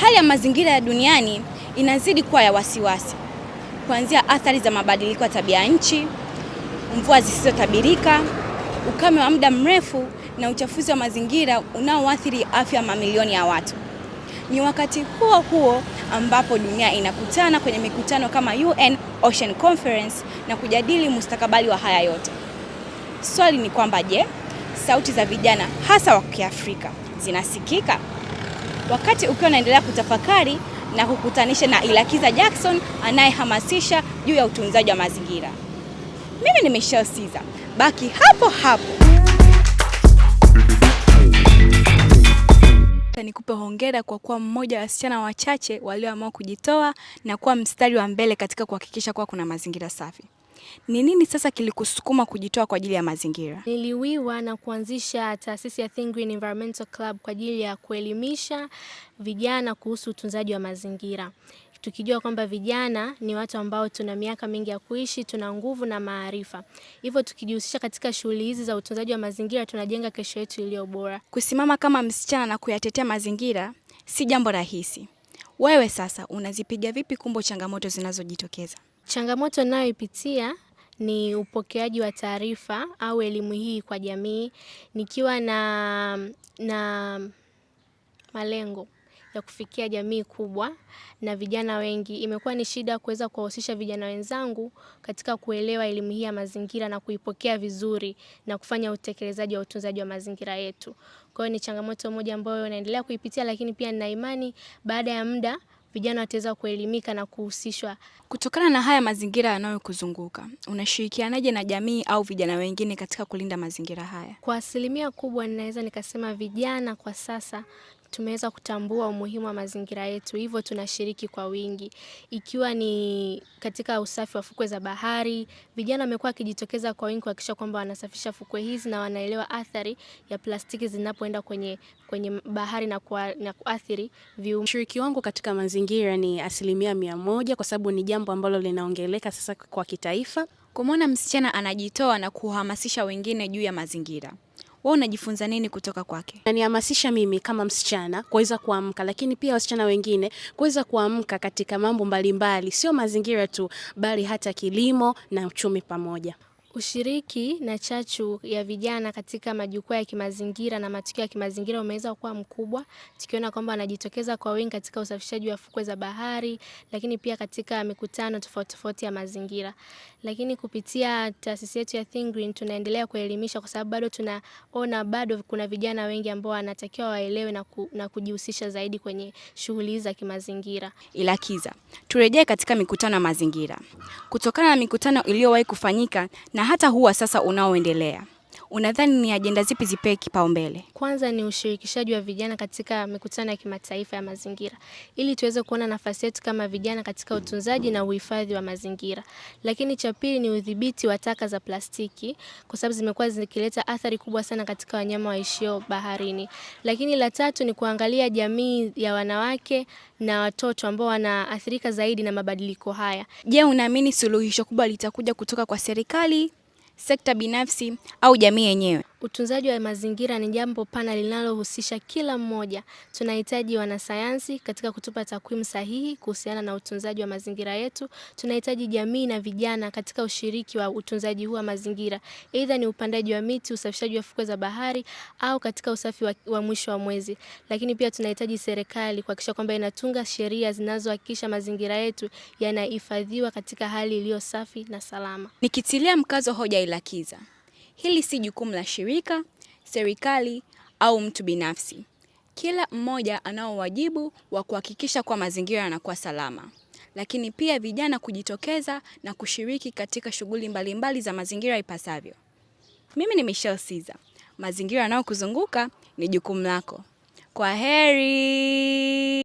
Hali ya mazingira ya duniani inazidi kuwa ya wasiwasi, kuanzia athari za mabadiliko ya tabia nchi, mvua zisizotabirika, ukame wa muda mrefu na uchafuzi wa mazingira unaoathiri afya mamilioni ya watu. Ni wakati huo huo ambapo dunia inakutana kwenye mikutano kama UN Ocean Conference na kujadili mustakabali wa haya yote. Swali ni kwamba je, sauti za vijana hasa wa Kiafrika zinasikika? wakati ukiwa unaendelea kutafakari na kukutanisha na Ilakiza Jackson anayehamasisha juu ya utunzaji wa mazingira. Mimi ni Michelle Siza, baki hapo hapo. Nikupe hongera kwa kuwa mmoja wa wasichana wachache walioamua kujitoa na kuwa mstari wa mbele katika kuhakikisha kuwa kuna mazingira safi. Ni nini sasa kilikusukuma kujitoa kwa ajili ya mazingira? Niliwiwa na kuanzisha taasisi ya Think Green Environmental Club kwa ajili ya kuelimisha vijana kuhusu utunzaji wa mazingira tukijua kwamba vijana ni watu ambao tuna miaka mingi ya kuishi, tuna nguvu na maarifa. Hivyo tukijihusisha katika shughuli hizi za utunzaji wa mazingira, tunajenga kesho yetu iliyo bora. Kusimama kama msichana na kuyatetea mazingira si jambo rahisi. Wewe sasa unazipiga vipi kumbo changamoto zinazojitokeza? Changamoto nayoipitia ni upokeaji wa taarifa au elimu hii kwa jamii nikiwa na, na malengo ya kufikia jamii kubwa na vijana wengi. Imekuwa ni shida kuweza kuwahusisha vijana wenzangu katika kuelewa elimu hii ya mazingira na kuipokea vizuri na kufanya utekelezaji wa utunzaji wa mazingira yetu. Kwa hiyo ni changamoto moja ambayo naendelea kuipitia lakini pia nina imani baada ya muda vijana wataweza kuelimika na kuhusishwa. Kutokana na haya mazingira yanayokuzunguka, unashirikianaje na jamii au vijana wengine katika kulinda mazingira haya? Kwa asilimia kubwa, ninaweza nikasema vijana kwa sasa tumeweza kutambua umuhimu wa mazingira yetu, hivyo tunashiriki kwa wingi, ikiwa ni katika usafi wa fukwe za bahari. Vijana wamekuwa wakijitokeza kwa wingi kuhakikisha kwamba wanasafisha fukwe hizi na wanaelewa athari ya plastiki zinapoenda kwenye, kwenye bahari na, kwa, na kuathiri viumbe. Ushiriki wangu katika mazingira ni asilimia mia moja kwa sababu ni jambo ambalo linaongeleka sasa kwa kitaifa, kumwona msichana anajitoa na kuhamasisha wengine juu ya mazingira wewe unajifunza nini kutoka kwake? Nanihamasisha mimi kama msichana kuweza kuamka, lakini pia wasichana wengine kuweza kuamka katika mambo mbalimbali, sio mazingira tu, bali hata kilimo na uchumi pamoja. Ushiriki na chachu ya vijana katika majukwaa ya kimazingira na matukio ya kimazingira umeweza kuwa mkubwa, tukiona kwamba wanajitokeza kwa wingi katika usafishaji wa fukwe za bahari, lakini pia katika mikutano tofauti tofauti ya mazingira. Lakini kupitia taasisi yetu ya Think Green tunaendelea kuelimisha, kwa sababu bado tunaona bado kuna vijana wengi ambao wanatakiwa waelewe na, ku, na kujihusisha zaidi kwenye shughuli za kimazingira. Ila kiza turejee katika mikutano ya mazingira, kutokana na mikutano iliyowahi kufanyika na hata huwa sasa unaoendelea unadhani ni ajenda zipi zipewe kipaumbele? Kwanza ni ushirikishaji wa vijana katika mikutano ya kimataifa ya mazingira ili tuweze kuona nafasi yetu kama vijana katika utunzaji na uhifadhi wa mazingira. Lakini cha pili ni udhibiti wa taka za plastiki, kwa sababu zimekuwa zikileta athari kubwa sana katika wanyama waishio baharini. Lakini la tatu ni kuangalia jamii ya wanawake na watoto ambao wanaathirika zaidi na mabadiliko haya. Je, unaamini suluhisho kubwa litakuja kutoka kwa serikali sekta binafsi au jamii yenyewe. Utunzaji wa mazingira ni jambo pana linalohusisha kila mmoja. Tunahitaji wanasayansi katika kutupa takwimu sahihi kuhusiana na utunzaji wa mazingira yetu. Tunahitaji jamii na vijana katika ushiriki wa utunzaji huu wa mazingira, aidha ni upandaji wa miti, usafishaji wa fukwe za bahari au katika usafi wa, wa mwisho wa mwezi. Lakini pia tunahitaji serikali kuhakikisha kwamba inatunga sheria zinazohakikisha mazingira yetu yanahifadhiwa katika hali iliyo safi na salama, nikitilia mkazo hoja ilakiza Hili si jukumu la shirika, serikali au mtu binafsi. Kila mmoja anao wajibu wa kuhakikisha kuwa mazingira yanakuwa salama, lakini pia vijana kujitokeza na kushiriki katika shughuli mbalimbali za mazingira ipasavyo. Mimi ni Michelle Siza. Mazingira yanayokuzunguka ni jukumu lako. Kwa heri.